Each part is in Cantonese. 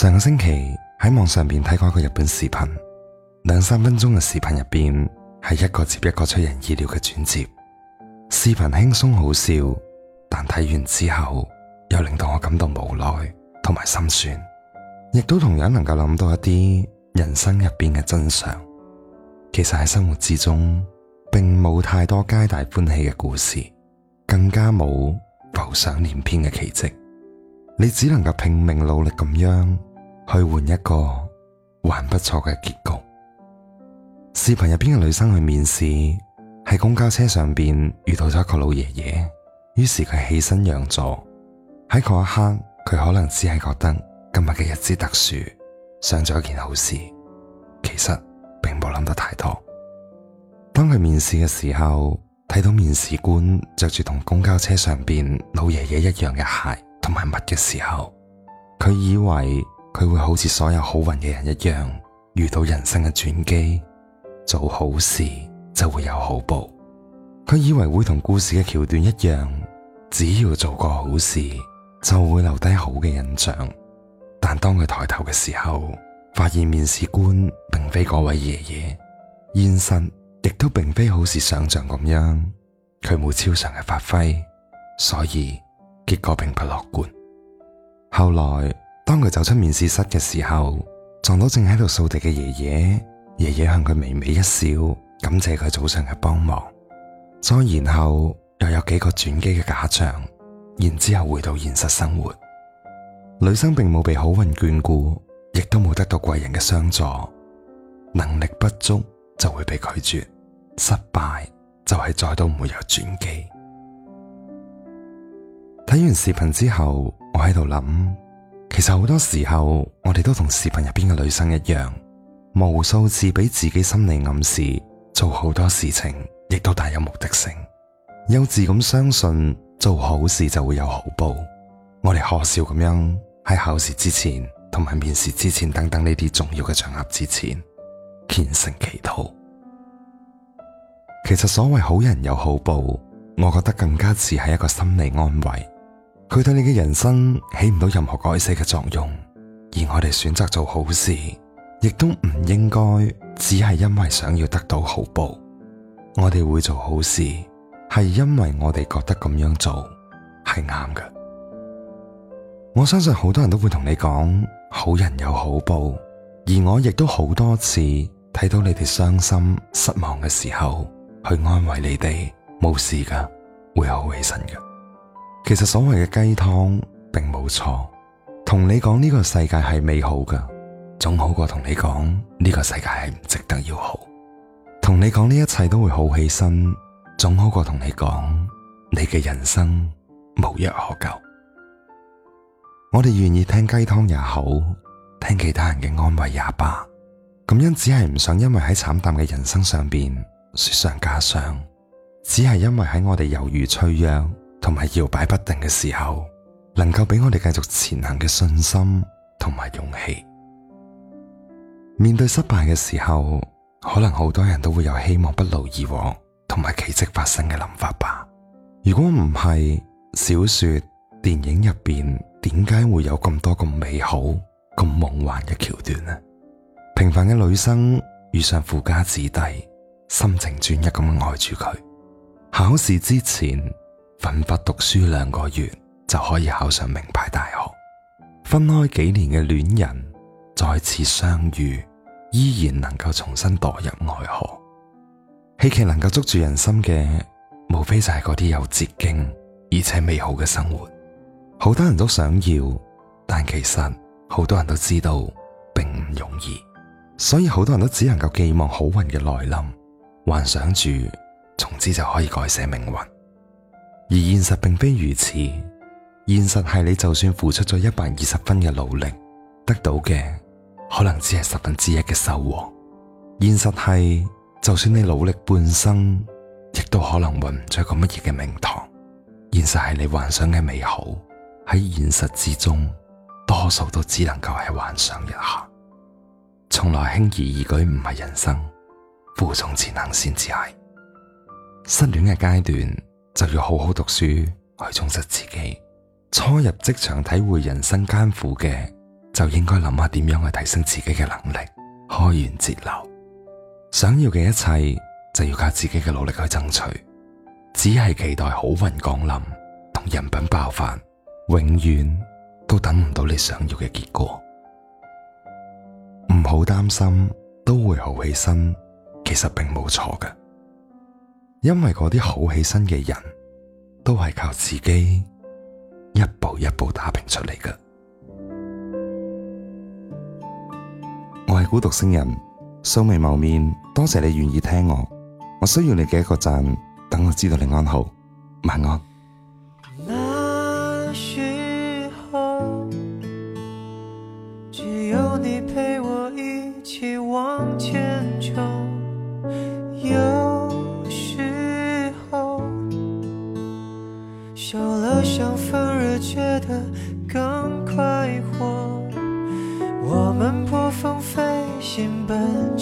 上個星期喺網上邊睇過一個日本視頻，兩三分鐘嘅視頻入邊係一個接一個出人意料嘅轉折。視頻輕鬆好笑，但睇完之後又令到我感到無奈同埋心酸，亦都同樣能夠諗到一啲人生入邊嘅真相。其實喺生活之中，並冇太多皆大歡喜嘅故事，更加冇浮想聯翩嘅奇蹟。你只能夠拼命努力咁樣。去換一個還不錯嘅結局。視頻入邊嘅女生去面試，喺公交車上邊遇到咗一個老爺爺，於是佢起身讓座。喺嗰一刻，佢可能只係覺得今日嘅日子特殊，想做一件好事。其實並冇諗得太多。當佢面試嘅時候，睇到面試官着住同公交車上邊老爺爺一樣嘅鞋同埋襪嘅時候，佢以為，佢會好似所有好運嘅人一樣，遇到人生嘅轉機，做好事就會有好報。佢以為會同故事嘅橋段一樣，只要做過好事就會留低好嘅印象。但當佢抬頭嘅時候，發現面試官並非嗰位爺爺，現實亦都並非好似想象咁樣。佢冇超常嘅發揮，所以結果並不樂觀。後來。當佢走出面試室嘅時候，撞到正喺度掃地嘅爺爺，爺爺向佢微微一笑，感謝佢早上嘅幫忙。再然後又有幾個轉機嘅假象，然之後回到現實生活，女生並冇被好運眷顧，亦都冇得到貴人嘅相助，能力不足就會被拒絕，失敗就係再都唔會有轉機。睇完視頻之後，我喺度諗。其實好多時候，我哋都同視頻入邊嘅女生一樣，無數次俾自己心理暗示，做好多事情，亦都帶有目的性。幼稚咁相信做好事就會有好報，我哋可笑咁樣喺考試之前、同埋面試之前等等呢啲重要嘅場合之前虔誠祈禱。其實所謂好人有好報，我覺得更加似係一個心理安慰。佢對你嘅人生起唔到任何改寫嘅作用，而我哋選擇做好事，亦都唔應該只係因為想要得到好報。我哋會做好事，係因為我哋覺得咁樣做係啱嘅。我相信好多人都會同你講，好人有好報，而我亦都好多次睇到你哋傷心失望嘅時候，去安慰你哋，冇事噶，會好起身嘅。其實所謂嘅雞湯並冇錯，同你講呢個世界係美好噶，總好過同你講呢個世界係唔值得要好。同你講呢一切都會好起身，總好過同你講你嘅人生無藥可救。我哋願意聽雞湯也好，聽其他人嘅安慰也罷，咁樣只係唔想因為喺慘淡嘅人生上邊雪上加霜，只係因為喺我哋猶豫脆弱。同埋搖擺不定嘅時候，能夠俾我哋繼續前行嘅信心同埋勇氣。面對失敗嘅時候，可能好多人都會有希望不勞而獲同埋奇蹟發生嘅諗法吧。如果唔係小說、電影入邊，點解會有咁多咁美好、咁夢幻嘅橋段呢？平凡嘅女生遇上富家子弟，心情專一咁愛住佢，考試之前。奮發讀書兩個月就可以考上名牌大學，分開幾年嘅戀人再次相遇，依然能夠重新墮入愛河。希奇能夠捉住人心嘅，無非就係嗰啲有捷徑而且美好嘅生活。好多人都想要，但其實好多人都知道並唔容易，所以好多人都只能夠寄望好運嘅來臨，幻想住從此就可以改寫命運。而現實並非如此，現實係你就算付出咗一百二十分嘅努力，得到嘅可能只係十分之一嘅收穫。現實係就算你努力半生，亦都可能搵唔出個乜嘢嘅名堂。現實係你幻想嘅美好喺現實之中，多數都只能夠係幻想一下。從來輕而易舉唔係人生，負重前行先至係。失戀嘅階段。就要好好讀書去充實自己，初入職場體會人生艱苦嘅，就應該諗下點樣去提升自己嘅能力，開源節流。想要嘅一切就要靠自己嘅努力去爭取，只係期待好運降臨同人品爆發，永遠都等唔到你想要嘅結果。唔好擔心，都會好起身，其實並冇錯嘅。因為嗰啲好起身嘅人都係靠自己一步一步打拼出嚟嘅。 我係孤獨星人，素未謀面，多謝你願意聽我。我需要你嘅一個讚，等我知道你安好，晚安。那時候，只有你陪我一起往前走。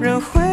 人會。